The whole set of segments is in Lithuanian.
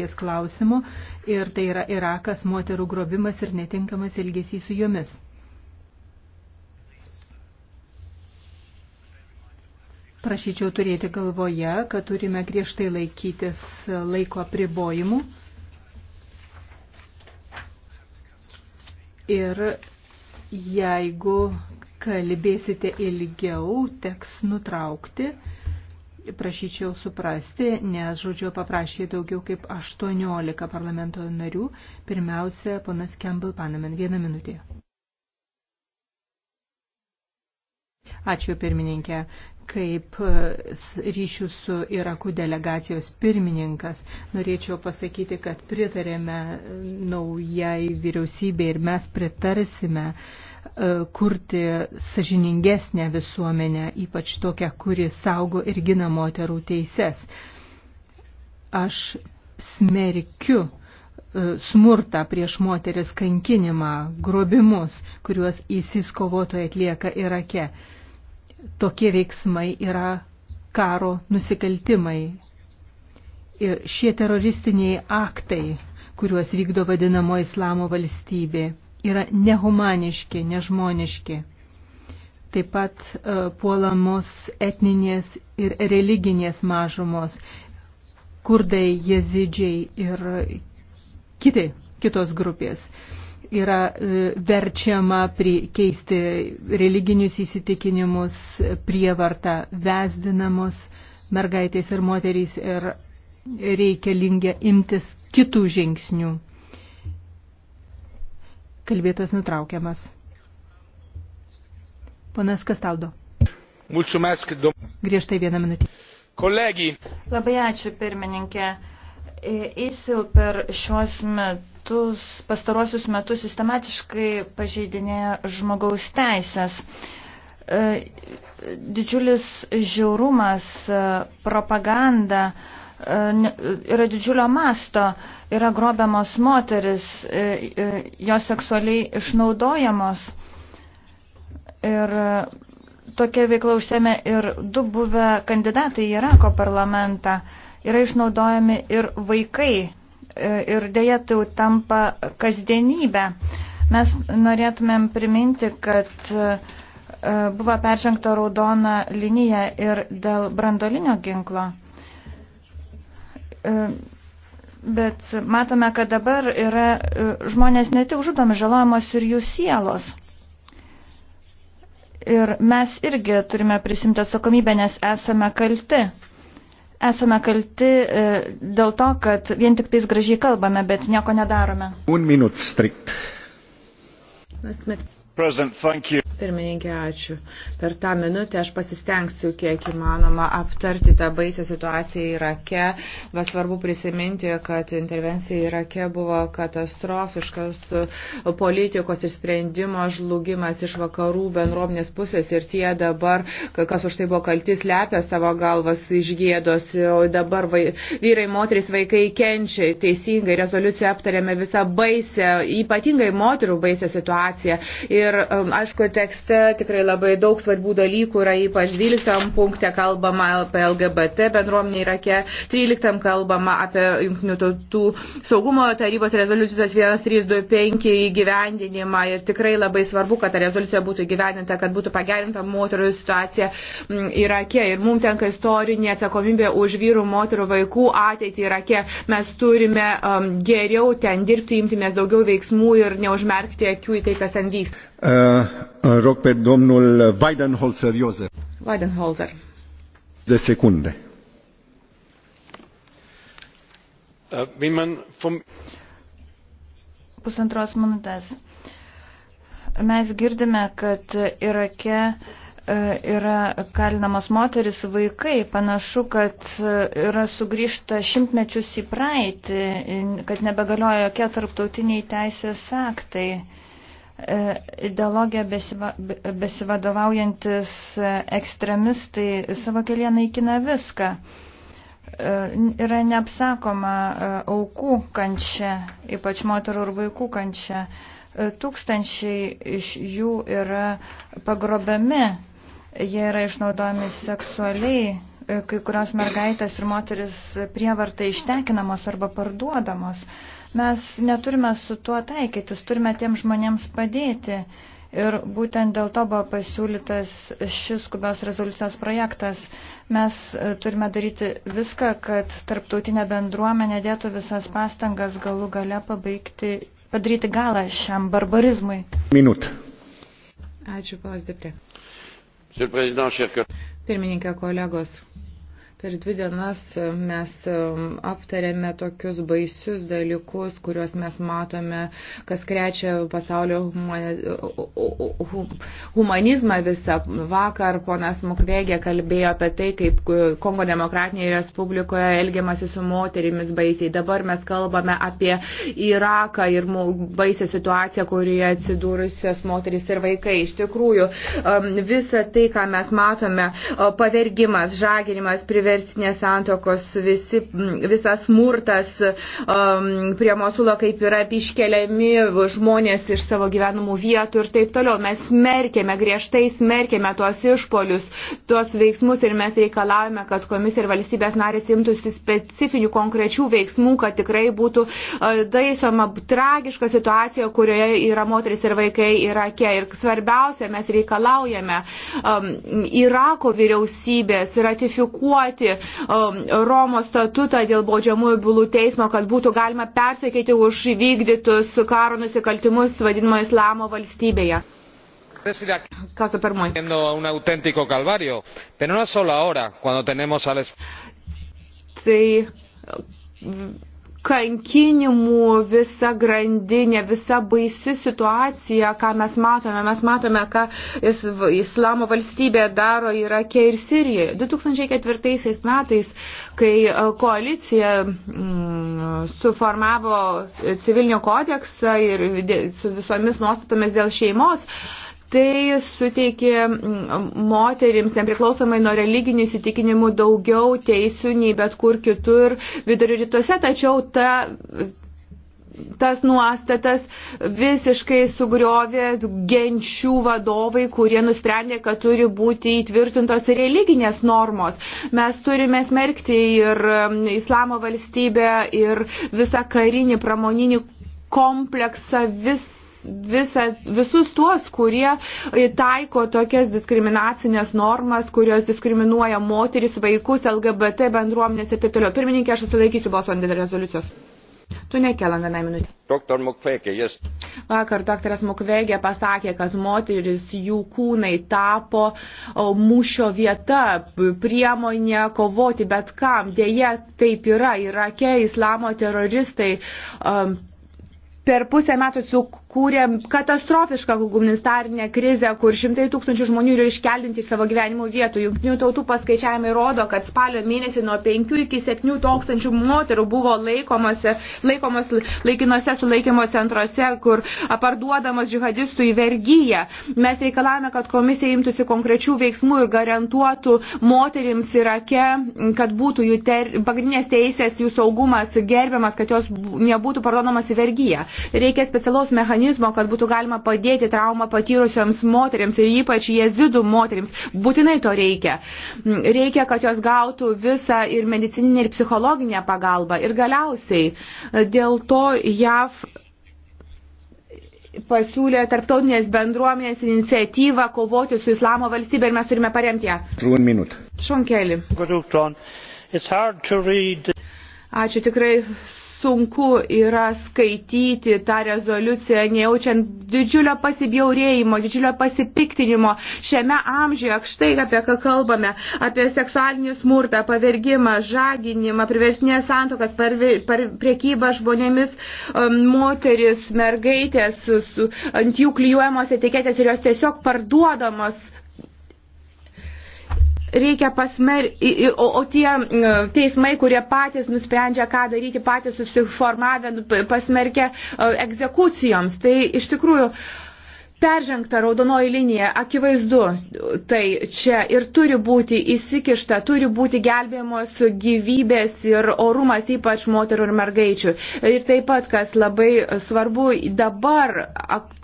ties klausimu ir tai yra Irakas, moterų grobimas ir netinkamas elgesys su jomis. Prašyčiau turėti galvoje, kad turime griežtai laikytis laiko apribojimų ir jeigu kalbėsite ilgiau, teks nutraukti prašyčiau suprasti, nes žodžio paprašė daugiau kaip 18 parlamento narių. Pirmiausia, ponas Campbell Panamen, vieną minutę. Ačiū pirmininkė. Kaip e, ryšių su Iraku delegacijos pirmininkas norėčiau pasakyti, kad pritarėme naujai vyriausybei ir mes pritarsime uh, E, kurti sažiningesnę visuomenę, ypač tokią, kuri saugo ir gina moterų teises. Aš smerkiu e, smurtą prieš moteris kankinimą, grobimus, kuriuos įsiskovotojai atlieka Irake. Tokie veiksmai yra karo nusikaltimai. Ir šie teroristiniai aktai, kuriuos vykdo vadinamo islamo valstybė, yra nehumaniški, nežmoniški. Taip pat e, puolamos etninės ir religinės mažumos, kurdai, jezidžiai ir kitai, kitos grupės yra e, verčiama keisti religinius įsitikinimus, prievartą, vesdinamos mergaitės ir moterys ir reikia lingę imtis kitų žingsnių. Kalbėtojas nutraukiamas. Ponas Kastaldo. Mulțumesc, Griežtai vieną minutę. Kolegi. Labai ačiū, pirmininkė. ISIL per šios metus, pastarosius metus sistematiškai pažeidinėja žmogaus teisės. E, didžiulis žiaurumas, e, propaganda E, yra didžiulio masto, yra grobiamos moteris, e, e, jos seksualiai išnaudojamos. Ir tokia veikla užsėmė ir du buvę kandidatai į Irako parlamentą. Yra išnaudojami ir vaikai. Ir dėja tai jau tampa kasdienybė. Mes norėtumėm priminti, kad buvo peržengta raudona linija ir dėl brandolinio ginklo. E, bet matome, kad dabar yra e, žmonės ne tik žudomi, žalojamos ir jų sielos. Ir mes irgi turime prisimti atsakomybę, nes esame kalti esame kalti e, dėl to, kad vien tik tais gražiai kalbame, bet nieko nedarome. Un minut strikt. Asmet. Pirmininkė, ačiū. Per tą minutę aš pasistengsiu, kiek įmanoma, aptarti tą baisę situaciją Irake. Bet svarbu prisiminti, kad intervencija Irake buvo katastrofiškas politikos ir sprendimo žlugimas iš vakarų bendruomenės pusės ir tie dabar, kas už tai buvo kaltis, lepia savo galvas iš gėdos. O dabar vai, vyrai, moteris, vaikai kenčia. Teisingai, rezoliuciją aptarėme visą baisę, ypatingai moterų baisę situaciją. Ir Ir um, aišku, tekste tikrai labai daug svarbių dalykų yra, ypač 12 punkte kalbama apie LGBT bendruomenį Irake, 13 kalbama apie Junktinių tautų saugumo tarybos rezoliucijos 1325 įgyvendinimą. Ir tikrai labai svarbu, kad ta rezoliucija būtų įgyvendinta, kad būtų pagerinta moterų situacija mm, Irake. Ir mums tenka istorinė atsakomybė už vyrų, moterų, vaikų ateitį Irake. Mes turime um, geriau ten dirbti, imtimės daugiau veiksmų ir neužmerkti akių į tai, kas ten vyksta. Eh, rog pe domnul Weidenholzer Iosef. Weidenholzer. De secunde. Eh, Pusantros minutės. Mes girdime, kad Irake eh, yra kalinamos moteris, vaikai. Panašu, kad yra sugrįžta šimtmečius į praeitį, kad nebegalioja jokie tarptautiniai teisės aktai. E, ideologija besiva, besivadovaujantis ekstremistai savo kelyje naikina viską. E, yra neapsakoma e, aukų kančia, ypač moterų ir vaikų kančia. Tūkstančiai iš jų yra pagrobiami, jie yra išnaudojami seksualiai, kai kurios mergaitės ir moteris prievartai ištekinamos arba parduodamos. Uh, Mes neturime su tuo taikytis, turime tiem žmonėms padėti. Ir būtent dėl to buvo pasiūlytas šis skubios rezoliucijos projektas. Mes e, turime daryti viską, kad tarptautinė bendruomenė dėtų visas pastangas galų gale pabaigti, padaryti galą šiam barbarizmui. Minut. Ačiū, palas Diprė. Pirmininkė, kolegos. Per dvi dienas mes um, aptarėme tokius baisius dalykus, kuriuos mes matome, kas krečia pasaulio humanizmą visą. Vakar ponas Mukvegė kalbėjo apie tai, kaip e, Kongo demokratinėje Respublikoje elgiamasi su moterimis baisiai. Dabar mes kalbame apie Iraką ir baisę situaciją, kurioje atsidūrusios moteris ir vaikai. Iš tikrųjų, um, visa tai, ką mes matome, pavergimas, žaginimas, privertimas, priverstinės santokos, visi, visas smurtas um, prie Mosulo, kaip yra iškeliami žmonės iš savo gyvenamų vietų ir taip toliau. Mes smerkėme, griežtai smerkėme tuos išpolius, tuos veiksmus ir mes reikalavome, kad komisija ir valstybės narės imtųsi specifinių konkrečių veiksmų, kad tikrai būtų uh, daisoma tragiška situacija, kurioje yra moteris ir vaikai Irake. Ir svarbiausia, mes reikalaujame um, Irako vyriausybės ratifikuoti naudoti um, Romos statutą dėl baudžiamųjų bylų teismo, kad būtų galima persekėti už vykdytus karo nusikaltimus vadinamo islamo valstybėje. Caso Permuy. un auténtico calvario, pero una sola hora cuando tenemos al. Tai kankinimų visa grandinė, visa baisi situacija, ką mes matome. Mes matome, ką Islamo valstybė daro Irake ir Sirijoje. 2004 metais, kai e, koalicija mm, suformavo civilinio kodeksą ir su visomis nuostatomis dėl šeimos, tai suteikė moterims, nepriklausomai nuo religinių įsitikinimų, daugiau teisių nei bet kur kitur vidurio rytuose, tačiau ta tas nuostatas visiškai sugriovė genčių vadovai, kurie nusprendė, kad turi būti įtvirtintos religinės normos. Mes turime smerkti ir islamo valstybę, ir visą karinį, pramoninį kompleksą, vis, visa, visus tuos, kurie taiko tokias diskriminacinės normas, kurios diskriminuoja moteris, vaikus, LGBT bendruomenės ir taip toliau. Pirmininkė, aš susilaikysiu balsuojant dėl rezoliucijos. Tu nekelam vieną minutę. Dr. Mukvegė, jis. Vakar dr. Mukvegė pasakė, kad moteris jų kūnai tapo mūšio vieta, priemonė kovoti bet kam. Deja, taip yra. Irake islamo teroristai um, per pusę metų su kūrė katastrofišką humanitarinę krizę, kur šimtai tūkstančių žmonių yra iškeldinti iš savo gyvenimo vietų. Junktinių tautų paskaičiavimai rodo, kad spalio mėnesį nuo 5 iki 7 tūkstančių moterų buvo laikomos, laikomos laikinuose sulaikymo centruose, kur parduodamas džihadistų į vergyją. Mes reikalavome, kad komisija imtųsi konkrečių veiksmų ir garantuotų moterims Irake, kad būtų jų ter, pagrindinės teisės, jų saugumas gerbiamas, kad jos nebūtų parduodamas į vergyją. Reikia specialaus mechanizmo mechanizmo, kad būtų galima padėti traumą patyrusioms moteriams ir ypač jezidų moteriams. Būtinai to reikia. Reikia, kad jos gautų visą ir medicininę, ir psichologinę pagalbą. Ir galiausiai dėl to JAV pasiūlė tarptautinės bendruomenės iniciatyvą kovoti su islamo valstybė ir mes turime paremti ją. Šonkelį. Ačiū tikrai sunku yra skaityti tą rezoliuciją, nejaučiant didžiulio pasibjaurėjimo, didžiulio pasipiktinimo šiame amžiuje, štai apie ką kalbame, apie seksualinį smurtą, pavergimą, žaginimą, priversnės santokas, priekybą žmonėmis, um, moteris, mergaitės, ant jų klyjuojamos etiketės ir jos tiesiog parduodamos reikia pasmer, o, o tie mm, teismai, kurie patys nusprendžia, ką daryti, patys susiformavę nu, pasmerkia e, egzekucijoms. Tai iš tikrųjų peržengta raudonoji linija, akivaizdu, tai čia ir turi būti įsikišta, turi būti gelbėjamos gyvybės ir orumas, ypač moterų ir mergaičių. Ir taip pat, kas labai svarbu dabar,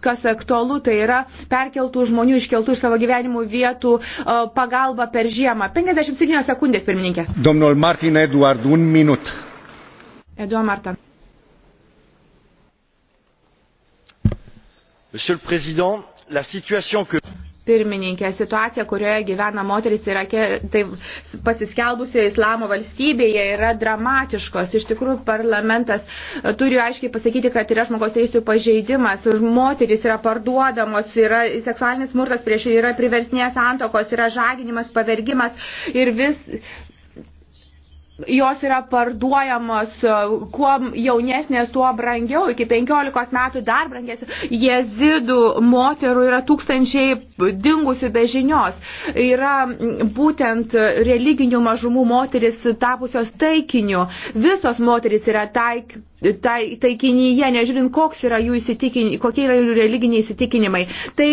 kas aktualu, tai yra perkeltų žmonių iškeltų iš savo gyvenimų vietų pagalba per žiemą. 57 sekundės, pirmininkė. Domnul Martin Eduard, un minut. Eduard Martin. Pirmininkė, situacija, kurioje gyvena moteris Irake, tai pasiskelbusioje islamo valstybėje yra dramatiškos. Iš tikrųjų, parlamentas e, turi aiškiai pasakyti, kad yra žmogaus teisų pažeidimas. Moteris yra parduodamos, yra seksualinis smurtas prieš jų, yra priversnės santokos, yra žaginimas, pavergimas ir vis jos yra parduojamos, e, kuo jaunesnės, tuo brangiau, iki 15 metų dar brangės. Jezidų moterų yra tūkstančiai dingusių be žinios. Yra būtent religinių mažumų moteris tapusios taikiniu. Visos moteris yra taik, tai, taikinyje, nežiūrint, koks yra jų kokie yra jų religiniai įsitikinimai. Tai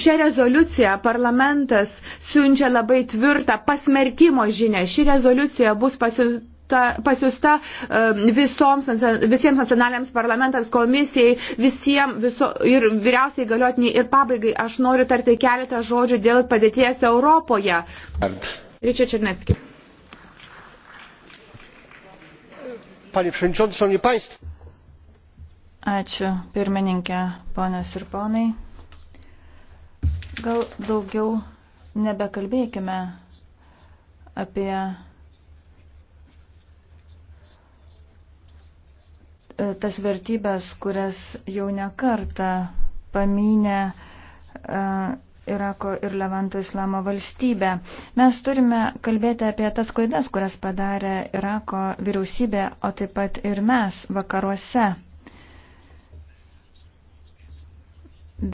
šią rezoliuciją parlamentas siunčia labai tvirtą pasmerkimo žinę. Ši rezoliucija bus pasiūsta pasiusta, pasiusta um, visoms, visiems nacionaliniams parlamentams, komisijai, visiems viso, ir vyriausiai galiotiniai. Ir pabaigai aš noriu tarti keletą žodžių dėl padėties Europoje. Ričia Černetskis. panie przewodniczący! szanowni państwo! ačiū pirmininke ponios ir ponai gal daugiau nebekalbėkime apie e, tas vertybės kurias jau ne kartą pamynė e, Irako ir Levanto islamo valstybę. Mes turime kalbėti apie tas klaidas, kurias padarė Irako vyriausybė, o taip pat ir mes vakaruose.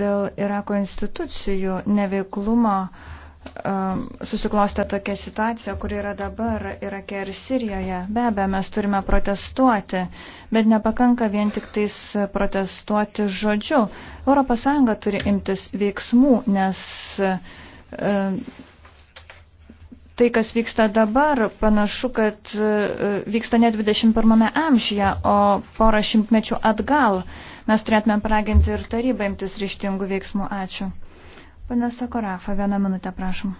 Dėl Irako institucijų neveiklumo uh, Um, susiklostė tokia situacija, kuri yra dabar Irake ir Sirijoje. Be abejo, mes turime protestuoti, bet nepakanka vien tik tais protestuoti žodžiu. ES turi imtis veiksmų, nes um, tai, kas vyksta dabar, panašu, kad uh, vyksta ne 21 amžyje, o porą šimtmečių atgal. Mes turėtume paraginti ir tarybą imtis ryštingų veiksmų. Ačiū. Pane Sakorafa, vieną minutę prašom.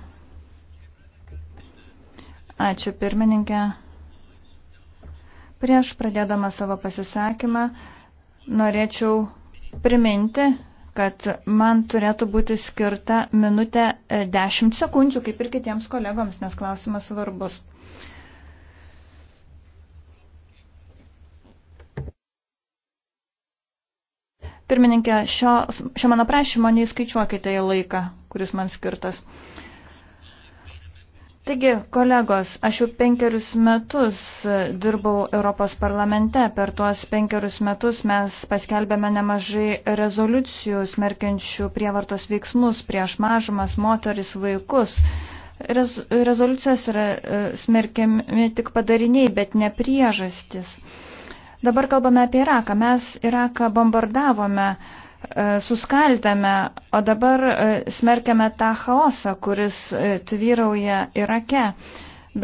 Ačiū pirmininkė. Prieš pradėdama savo pasisakymą norėčiau priminti, kad man turėtų būti skirta minutė 10 e, sekundžių, kaip ir kitiems kolegoms, nes klausimas svarbus. Pirmininkė, šio, šio mano prašymo neįskaičiuokite į laiką, kuris man skirtas. Taigi, kolegos, aš jau penkerius metus dirbau Europos parlamente. Per tuos penkerius metus mes paskelbėme nemažai rezoliucijų smerkiančių prievartos veiksmus prieš mažumas, moteris, vaikus. Rez, rezoliucijos yra e, smerkiami tik padariniai, bet ne priežastis. Uh, Dabar kalbame apie Iraką. Mes Iraką bombardavome, e, suskaldėme, o dabar e, smerkiame tą chaosą, kuris e, tvyrauja Irake.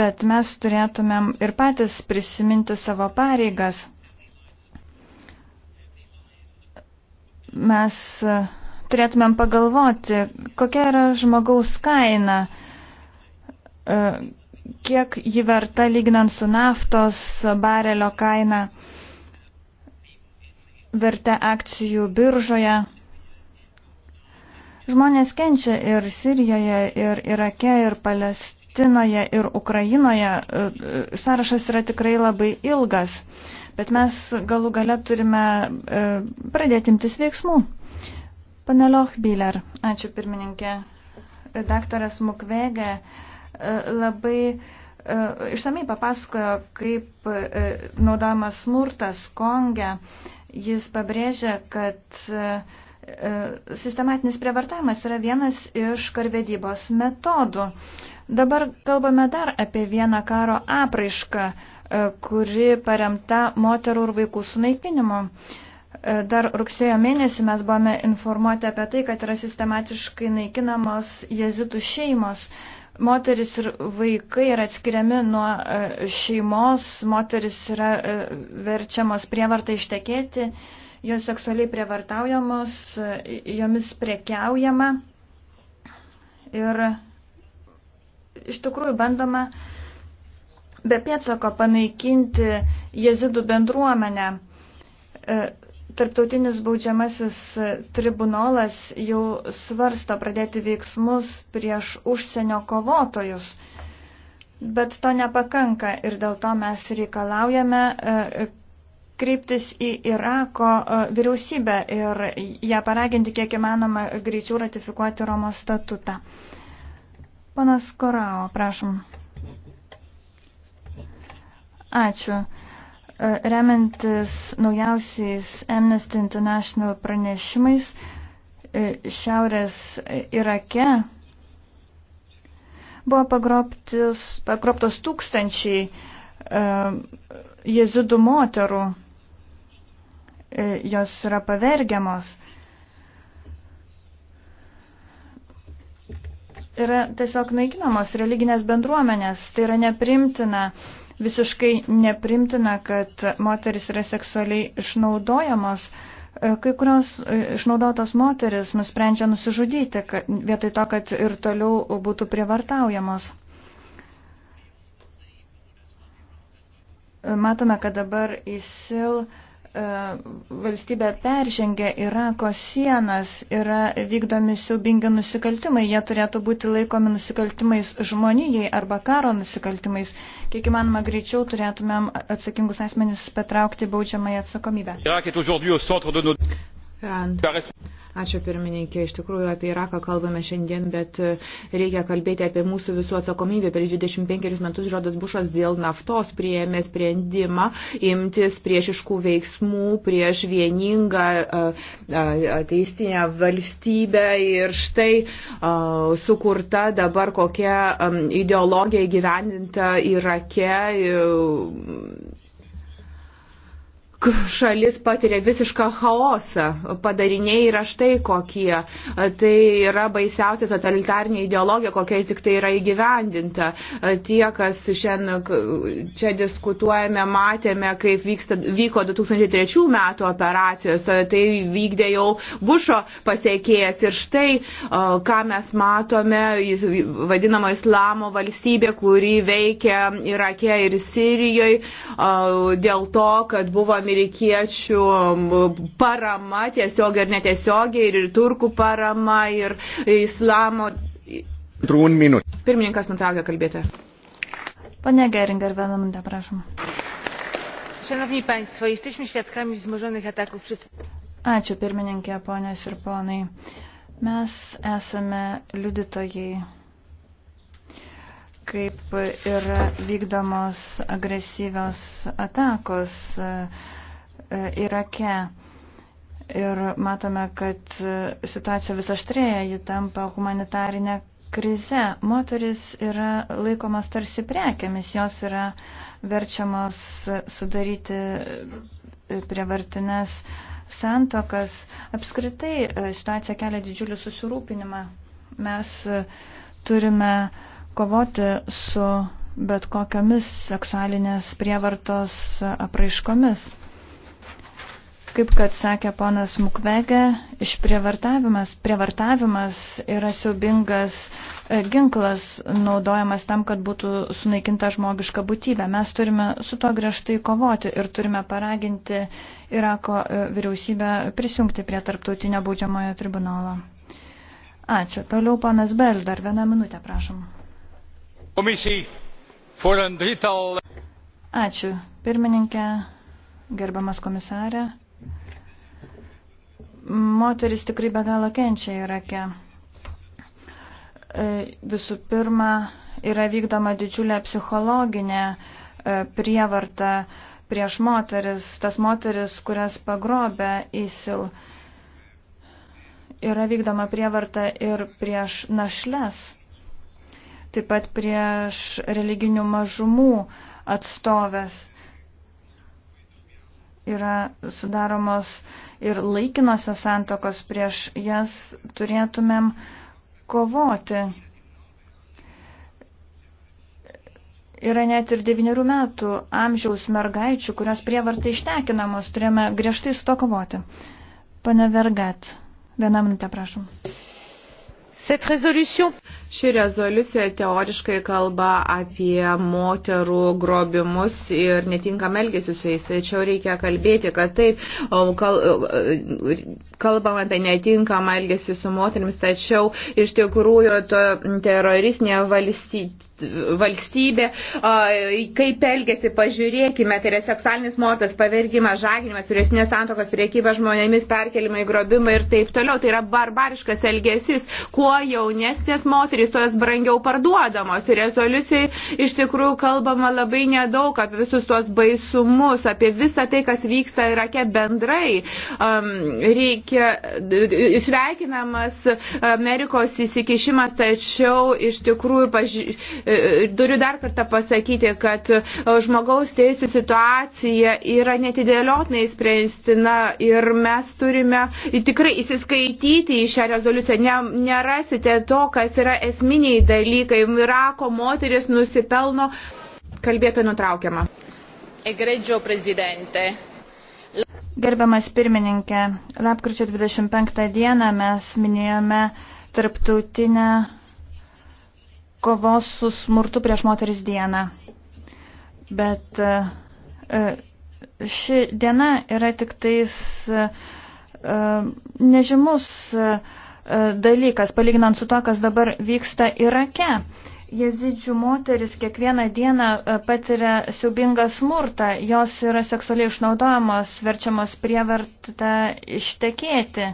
Bet mes turėtumėm ir patys prisiminti savo pareigas. Mes turėtumėm pagalvoti, kokia yra žmogaus kaina, kiek ji verta lyginant su naftos barelio kaina vertę akcijų biržoje. Žmonės kenčia ir Sirijoje, ir Irake, ir Palestinoje, ir Ukrainoje. E, e, sąrašas yra tikrai labai ilgas, bet mes galų gale turime e, pradėti imtis veiksmų. Paneloch Biler, ačiū pirmininkė. Daktaras Mukvegė labai išsamei papasakojo, kaip naudojamas smurtas Konge Jis pabrėžia, kad e, e, sistematinis prievartavimas yra vienas iš karvedybos metodų. Dabar kalbame dar apie vieną karo apraišką, e, kuri paremta moterų ir vaikų sunaikinimu. Dar rugsėjo mėnesį mes buvome informuoti apie tai, kad yra sistematiškai naikinamos jezitų šeimos moteris ir vaikai yra atskiriami nuo e, šeimos, moteris yra e, verčiamos prievartą ištekėti, jos seksualiai prievartaujamos, e, jomis prekiaujama ir iš tikrųjų bandoma be pėtsako panaikinti jezidų bendruomenę. Tarptautinis baudžiamasis tribunolas jau svarsto pradėti veiksmus prieš užsienio kovotojus, bet to nepakanka ir dėl to mes reikalaujame e, kreiptis į Irako e, vyriausybę ir ją paraginti kiek įmanoma greičiau ratifikuoti Romos statutą. Panas Korao, prašom. Ačiū. E, remiantis naujausiais Amnesty International pranešimais, e, Šiaurės Irake buvo pagrobtos tūkstančiai e, jezidų moterų. Jos yra pavergiamos. Yra tiesiog naikinamos religinės bendruomenės. Tai yra neprimtina. Visiškai neprimtina, kad moteris yra seksualiai išnaudojamos. E, kai kurios e, išnaudotos moteris nusprendžia nusižudyti, vietoj to, kad ir toliau būtų prievartaujamos. E, matome, kad dabar įsil. Uh, E, valstybė peržengia Irako sienas, yra vykdomi siaubingi nusikaltimai, jie turėtų būti laikomi nusikaltimais žmonijai arba karo nusikaltimais. Kiek įmanoma greičiau turėtumėm atsakingus asmenys patraukti baudžiamąją atsakomybę. Rand. Ačiū pirmininkė. Iš tikrųjų apie Iraką kalbame šiandien, bet e, reikia kalbėti apie mūsų visų atsakomybę. Per 25 metus Žodas Bušas dėl naftos prieėmė sprendimą imtis priešiškų veiksmų prieš vieningą e, e, ateistinę valstybę ir štai sukurta dabar kokia ideologija įgyvendinta Irake šalis patiria visišką chaosą, padariniai yra štai kokie. Tai yra baisiausia totalitarnė ideologija, kokia tik tai yra įgyvendinta. Tie, kas šiandien čia diskutuojame, matėme, kaip vyksta, vyko 2003 metų operacijos, tai vykdė jau Bušo pasiekėjas. Ir štai, ką mes matome, vadinama Islamo valstybė, kuri veikia Irake ir Sirijoje dėl to, kad buvo mirti amerikiečių parama tiesiog ir netiesiogiai, ir, ir turkų parama, ir islamo. Pirmininkas nutraukė kalbėti. Pane Geringer, vieną minutę, prašom. Szanowni Państwo, jesteśmy świadkami wzmożonych ataków przed... Ačiū pirmininkė, ponės ir ponai. Mes esame liudytojai, kaip yra vykdomos agresyvios atakos. Uh, E, Irake. Ir matome, kad situacija vis aštrėja, ji tampa humanitarinė krize. Moteris yra laikomas tarsi prekiamis, jos yra verčiamos sudaryti prievartinės santokas. Apskritai e, situacija kelia didžiulį susirūpinimą. Mes e, turime kovoti su bet kokiamis seksualinės prievartos apraiškomis kaip kad sakė ponas Mukvege, išprievartavimas, prievartavimas yra siaubingas e, ginklas naudojamas tam, kad būtų sunaikinta žmogiška būtybė. Mes turime su to griežtai kovoti ir turime paraginti Irako e, vyriausybę prisijungti prie tarptautinio baudžiamojo tribunolo. Ačiū. Toliau ponas Bel, dar vieną minutę, prašom. Komisijai, for un drital. Ačiū, pirmininkė, gerbiamas komisarė. Moteris tikrai be galo kenčia Irake. E, visų pirma, yra vykdoma didžiulė psichologinė e, prievarta prieš moteris, tas moteris, kurias pagrobė įsil. Yra vykdoma prievarta ir prieš našles, taip pat prieš religinių mažumų atstovės yra sudaromos ir laikinosios santokos, prieš jas turėtumėm kovoti. Yra net ir devyniarių metų amžiaus mergaičių, kurios prievartai ištekinamos, turėjome griežtai su to kovoti. Pane Vergat, vieną minutę prašom. Cette résolution Ši rezoliucija teoriškai kalba apie moterų grobimus ir netinkamą elgesį su jais. Tačiau reikia kalbėti, kad taip, kal, kalbam apie netinkamą elgesį su moterimis, tačiau iš tikrųjų to teroristinė valstybė valstybė, kaip elgesi, pažiūrėkime, tai yra seksualinis mortas, pavergimas, žaginimas, vyresnės santokas, priekyba žmonėmis, perkelimai, grobimai ir taip toliau. Tai yra barbariškas elgesys. Kuo jaunesnės moteris, moterys, to jos brangiau parduodamos. Ir rezoliucijai iš tikrųjų kalbama labai nedaug apie visus tuos baisumus, apie visą tai, kas vyksta Irake bendrai. Um, reikia, sveikinamas Amerikos įsikišimas, tačiau iš tikrųjų paži... E, turiu dar kartą pasakyti, kad e, žmogaus teisų situacija yra netidėliotinai spręstina ir mes turime tikrai įsiskaityti į šią rezoliuciją. Ne, nerasite to, kas yra esminiai dalykai. Irako moteris nusipelno. Kalbėtoja nutraukiama. Egregio prezidente. Gerbiamas pirmininkė, lapkričio 25 dieną mes minėjome tarptautinę kovos su smurtu prieš moteris dieną. Bet e, ši diena yra tik tais e, e, nežymus E, dalykas, palyginant su to, kas dabar vyksta Irake. Jezidžių moteris kiekvieną dieną e, patiria siubingą smurtą, jos yra seksualiai išnaudojamos, verčiamos prievartą ištekėti.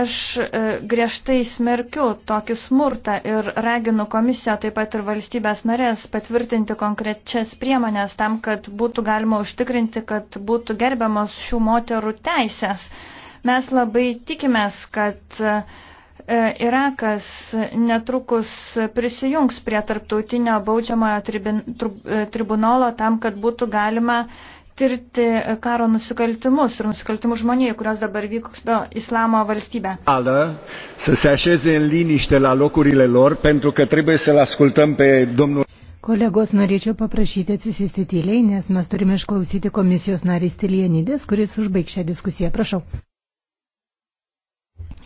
Aš e, griežtai smerkiu tokį smurtą ir raginu komisiją, taip pat ir valstybės narės patvirtinti konkrečias priemonės tam, kad būtų galima užtikrinti, kad būtų gerbiamos šių moterų teisės. Mes labai tikimės, kad e, Irakas netrukus prisijungs prie tarptautinio baudžiamojo tribin, e, tribunolo tam, kad būtų galima tirti karo nusikaltimus ir nusikaltimus žmonijai, kurios dabar vyksta islamo valstybė. Ală, să se așeze în liniște la locurile lor, pentru că trebuie să-l ascultăm pe domnul. Kolegos, norėčiau paprašyti atsisėsti tyliai, nes mes turime išklausyti komisijos narį Stilienydės, kuris užbaig šią diskusiją. Prašau.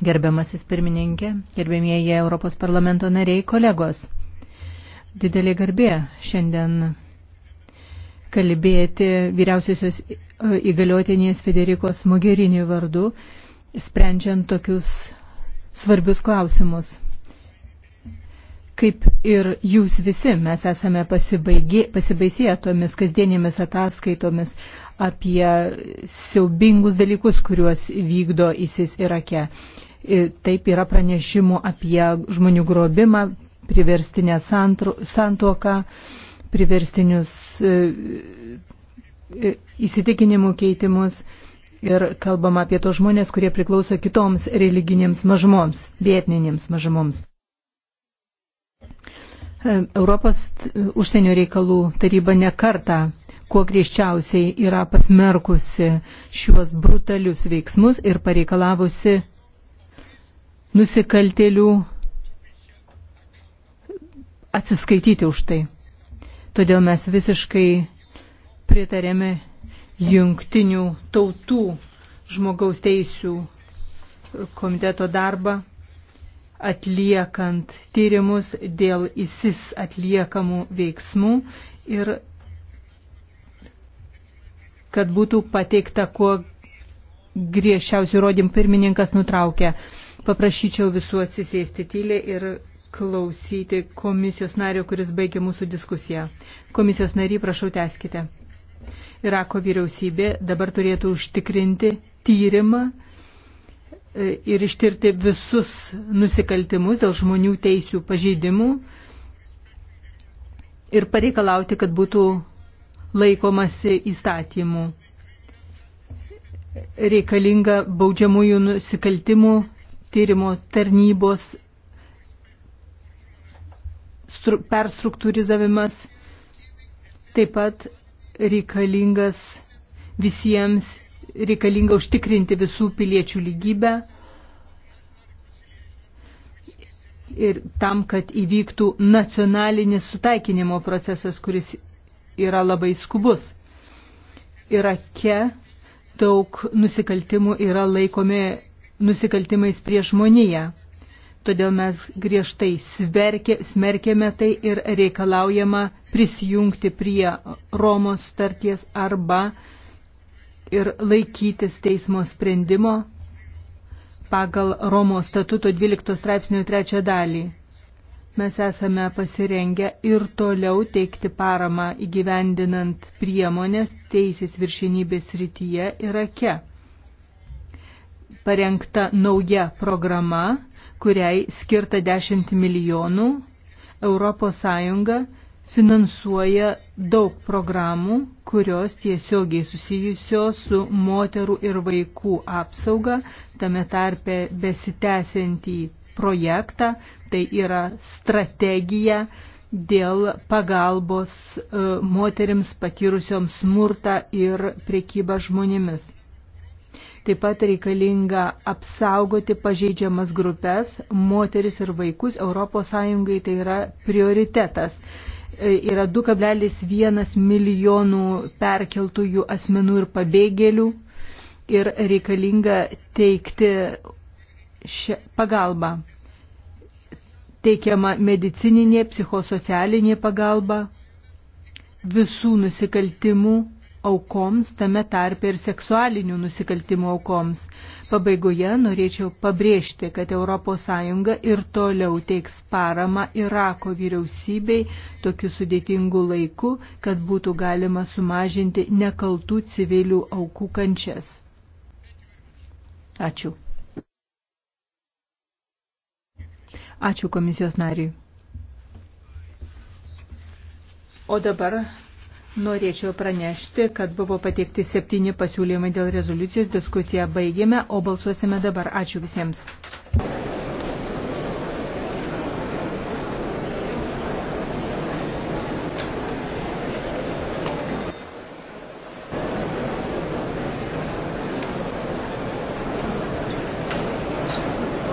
Gerbiamasis pirmininkė, gerbėmieji Europos parlamento nariai, kolegos. Didelė garbė šiandien kalbėti vyriausiosios e, įgaliotinės Federikos Mogherini vardu, sprendžiant tokius svarbius klausimus. Kaip ir jūs visi, mes esame pasibaisėję tomis kasdienėmis ataskaitomis apie siaubingus dalykus, kuriuos vykdo ISIS Irake. Taip yra pranešimų apie žmonių grobimą, priverstinę santuoką, priverstinius e, e, įsitikinimų keitimus ir kalbama apie tos žmonės, kurie priklauso kitoms religinėms mažumoms, vietninėms mažumoms. Europos užsienio reikalų taryba nekarta kuo griežčiausiai yra pasmerkusi šiuos brutalius veiksmus ir pareikalavusi nusikaltėlių atsiskaityti už tai. Todėl mes visiškai pritarėme jungtinių tautų žmogaus teisių komiteto darbą atliekant tyrimus dėl įsis atliekamų veiksmų ir kad būtų pateikta kuo griežčiausių įrodymų pirmininkas nutraukė. Paprašyčiau visų atsisėsti tyliai ir klausyti komisijos nario, kuris baigė mūsų diskusiją. Komisijos nariai, prašau, teskite. Irako vyriausybė dabar turėtų užtikrinti tyrimą ir ištirti visus nusikaltimus dėl žmonių teisių pažeidimų ir pareikalauti, kad būtų laikomasi įstatymų. Reikalinga baudžiamųjų nusikaltimų tyrimo tarnybos perstruktūrizavimas, taip pat reikalingas visiems reikalinga užtikrinti visų piliečių lygybę ir tam, kad įvyktų nacionalinis sutaikinimo procesas, kuris yra labai skubus. Irake daug nusikaltimų yra laikomi nusikaltimais prieš žmoniją. Todėl mes griežtai sverkė, smerkėme tai ir reikalaujama prisijungti prie Romos starties arba uh, ir laikytis teismo sprendimo pagal Romos statuto 12 straipsnio 3 dalį. Mes esame pasirengę ir toliau teikti paramą įgyvendinant priemonės teisės viršinybės rytyje Irake. Parengta nauja programa, kuriai skirta 10 milijonų, ES finansuoja daug programų, kurios tiesiogiai susijusios su moterų ir vaikų apsauga, tame tarpe besitęsiantį projektą, tai yra strategija dėl pagalbos e, moteriams patyrusioms smurtą ir priekybą žmonėmis. Taip pat reikalinga apsaugoti pažeidžiamas grupės, moteris ir vaikus ES tai yra prioritetas. E, yra 2,1 milijonų perkeltųjų asmenų ir pabėgėlių ir reikalinga teikti šią pagalbą. Teikiama medicininė, psichosocialinė pagalba visų nusikaltimų aukoms, tame tarpe ir seksualinių nusikaltimų aukoms. Pabaigoje norėčiau pabrėžti, kad ES ir toliau teiks paramą Irako vyriausybei tokiu sudėtingu laiku, kad būtų galima sumažinti nekaltų civilių aukų kančias. Ačiū. Ačiū komisijos nariui. O dabar Norėčiau pranešti, kad buvo pateikti septyni pasiūlymai dėl rezoliucijos, diskusiją baigėme, o balsuosime dabar. Ačiū visiems.